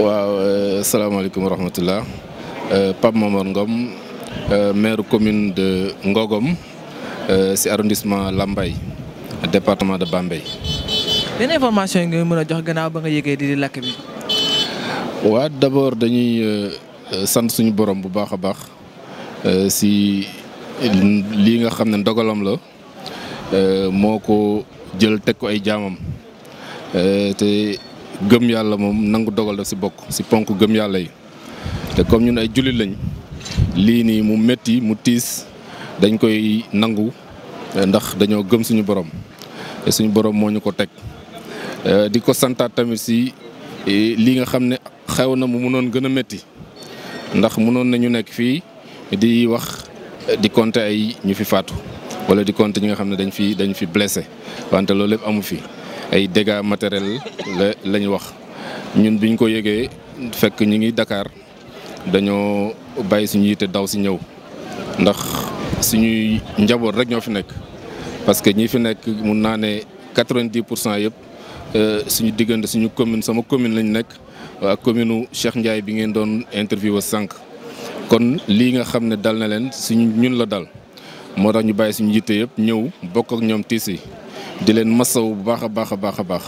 waaw euh, salaamaaleykum wa rahmatullah euh, Pape Momar Ngom euh, maire commune de Ngogom si arrondissement Lambaye département de Bambey. benn information yi nga mën a jox gannaaw ba nga yëgee di lakk bi. waa d'abord dañuy sant suñu borom bu baax a baax si lii nga xam ne ndogalam la moo ko jël teg ko ay jaamam te. gëm yàlla moom nangu dogal daf si bokk si ponk gëm yàlla yi te comme ñun ay jullit lañ lii nii mu métti mu tiis dañ koy nangu eh, ndax dañoo gëm suñu borom suñu borom moo ñu ko teg eh, di ko santaat tamit si eh, lii nga xam ne xew na mu mënoon gën a métti ndax mënoon nañu nekk fii di wax di compter ay ñu fi faatu wala di compter ñi nga xam ne dañ fi dañu fi blessé wante loolu lépp amu fi. ay déga matériels la lañ wax ñun biñ ko yëgee fekk ñu ngi dakaar dañoo bàyyi suñu yitte daw si ñëw ndax suñuy njaboot rek ñoo fi nekk parce que ñi fi nekk mun naa ne quatre vingt pour cent yëpp euh, suñu diggante suñu commune sama commune lañu nekk ak commune Cheikh Ndiaye bi ngeen doon interview sànq kon lii nga xam ne dal na leen suñu ñun la dal moo tax ñu bàyyi suñu yitte yëpp ñëw bokk ak ñoom tiis di leen masaw bu baax a baax a baax a baax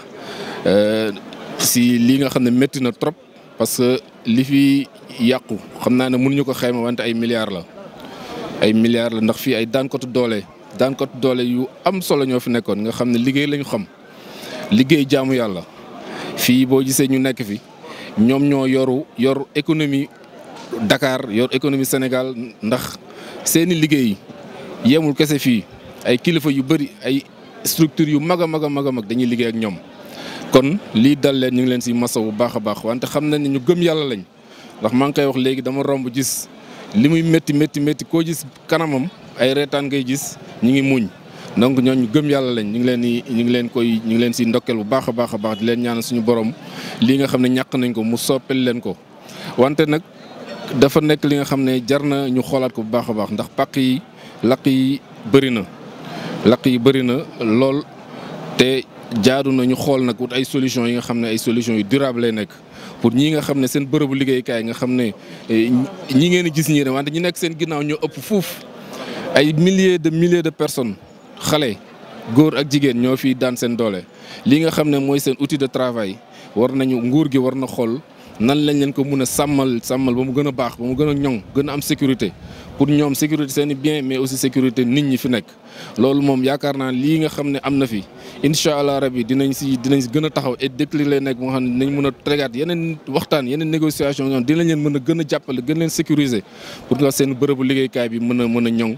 euh, si lii nga xam ne métti na trop parce que li fi yàqu xam naa ne mënuñu ko xayma wante ay milliards la ay milliards la ndax fii ay daankatu doole daankatu doole yu am solo ñoo fi nekkoon nga xam ne liggéey lañu xam liggéey jaamu yàlla fii boo gisee ñu nekk fi ñoom ñoo yoru yor économie Dakar yor économie Sénégal ndax seeni liggéey yemul kese fii ay kilifa yu bëri ay structure yu mag a mag a mag a mag dañuy liggéey ak ñoom kon lii dal leen ñu ngi leen si maso bu baax a baax wante xam nañ ne ñu gëm yàlla lañ ndax maa ngi koy wax léegi dama romb gis li muy métti métti métti ko gis kanamam ay reetaan ngay gis ñu ngi muñ donc ñu gëm yàlla lañ ñu ngi leen di ñu ngi leen koy ñu ngi leen si ndokkeel bu baax a baax a baax di leen ñaanal suñu borom lii nga xam ne ñàkk nañ ko mu soppel leen ko wante nag dafa nekk li nga xam ne jar na ñu xoolaat ko bu baax a baax ndax pàq yi laq yi bëri na lakk yi bëri na lool te jaadu nañu xool nag wut ay solution yi nga xam ne ay solution yu durable lay nekk pour ñi nga xam ne seen bërëbu liggéeykaay nga xam ne eh, ñi ngeen gis ñii ne wante ñi nekk seen ginnaaw ñoo ëpp fuuf ay milliers de milliers de personnes xale góor ak jigéen ñoo fi daan seen doole li nga xam ne mooy seen outil de travail war nañu nguur gi war na xool nan lañ leen ko mun a sàmmal sàmmal ba mu gën a baax ba mu gën a ñoŋ gën a am sécurité pour ñoom sécurité seen bien mais aussi sécurité nit ñi fi nekk loolu moom yaakaar naa lii nga xam ne am na fi incha allah rabi dinañ si dinañ si gën a taxaw et déclic lay nekk moo xam ne dinañ mën a tegaat yeneen waxtaan yeneen négociation ñoom dinañ leen mën a gën a jàppale gën leen sécuriser pour nga seen bërëbu liggéeykaay bi mën a mën a ñoŋ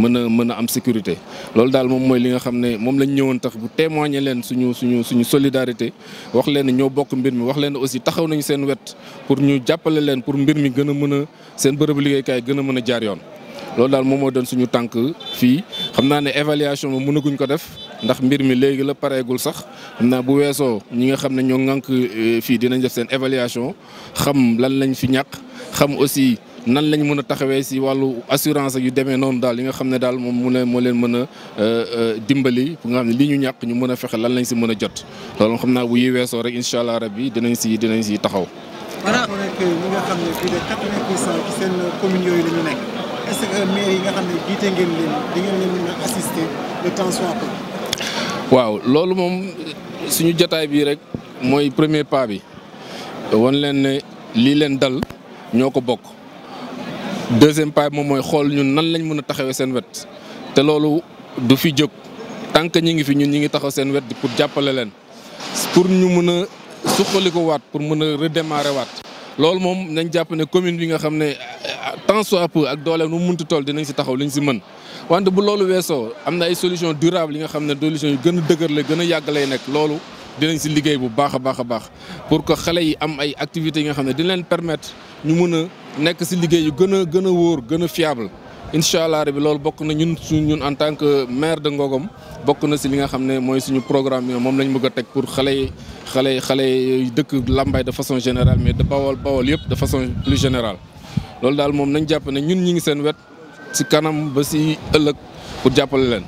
mën a mën a am sécurité loolu daal moom mooy li nga xam ne moom lañ ñëwoon tax bu témoigner leen suñu suñu suñu solidarité wax leen ne ñoo bokk mbir mi wax leen aussi taxaw nañ seen wet pour ñu jàppale leen pour mbir mi gën a mën a seen bërëbu liggéeykaay gën a mën a jaar yoon loolu daal moom moo doon suñu tànk fii xam naa ne évaluation moom mënaguñ ko def ndax mbir mi léegi la pareegul sax xam naa bu weesoo ñi nga xam ne ñoo ŋànk euh, fii dinañ def seen évaluation xam lan lañ fi ñàkk xam aussi nan lañ mën a taxawee si wàllu assurance yu demee noonu daal li nga xam ne daal moom mu ne moo leen mën a euh, euh, dimbali bu xam ne li ñu ñàkk ñu mën a fexe lan lañ si mën a jot loolu xam naa bu yi weesoo rek incha allah rabbi dinañ si dinañ si taxaw. est waaw loolu moom suñu jataay bii rek mooy premier pas bi wan leen lii leen dal ñoo ko bokk deuxième pas bi moom mooy xool ñu nan lañ mën a taxawee seen wet te loolu du fi jóg tant que ñi ngi fi ñun ñu ngi taxaw seen wet pour jàppale leen pour ñu mën a suqali ko waat pour mën a redémarrer waat. loolu moom nañ jàpp commune bi nga xam ne tant soit peu ak doole nu mu munti toll dinañ si taxaw ñu si mën wante bu loolu weesoo am na ay solution durable yi nga xam ne solution yu gën a dëgër la gën a yàgg lay nekk loolu dinañ si liggéey bu baax a baax a baax pour que xale yi am ay activité yi nga xam ne dina leen permettre ñu mën a nekk si liggéey yu gën a gën a wóor gën a fiable incha allah rabi loolu bokk na ñun suñ ñun en tant que maire de Ngogom bokk na si li nga xam ne mooy suñu programme bi moom lañ bëgg a teg pour xale yi xale yi xale dëkk Lambaye de façon générale mais de Bawol Bawol yëpp de façon plus générale loolu daal moom nañ jàpp ne ñun ñi ngi seen wet si kanam ba si ëllëg pour jàppale leen.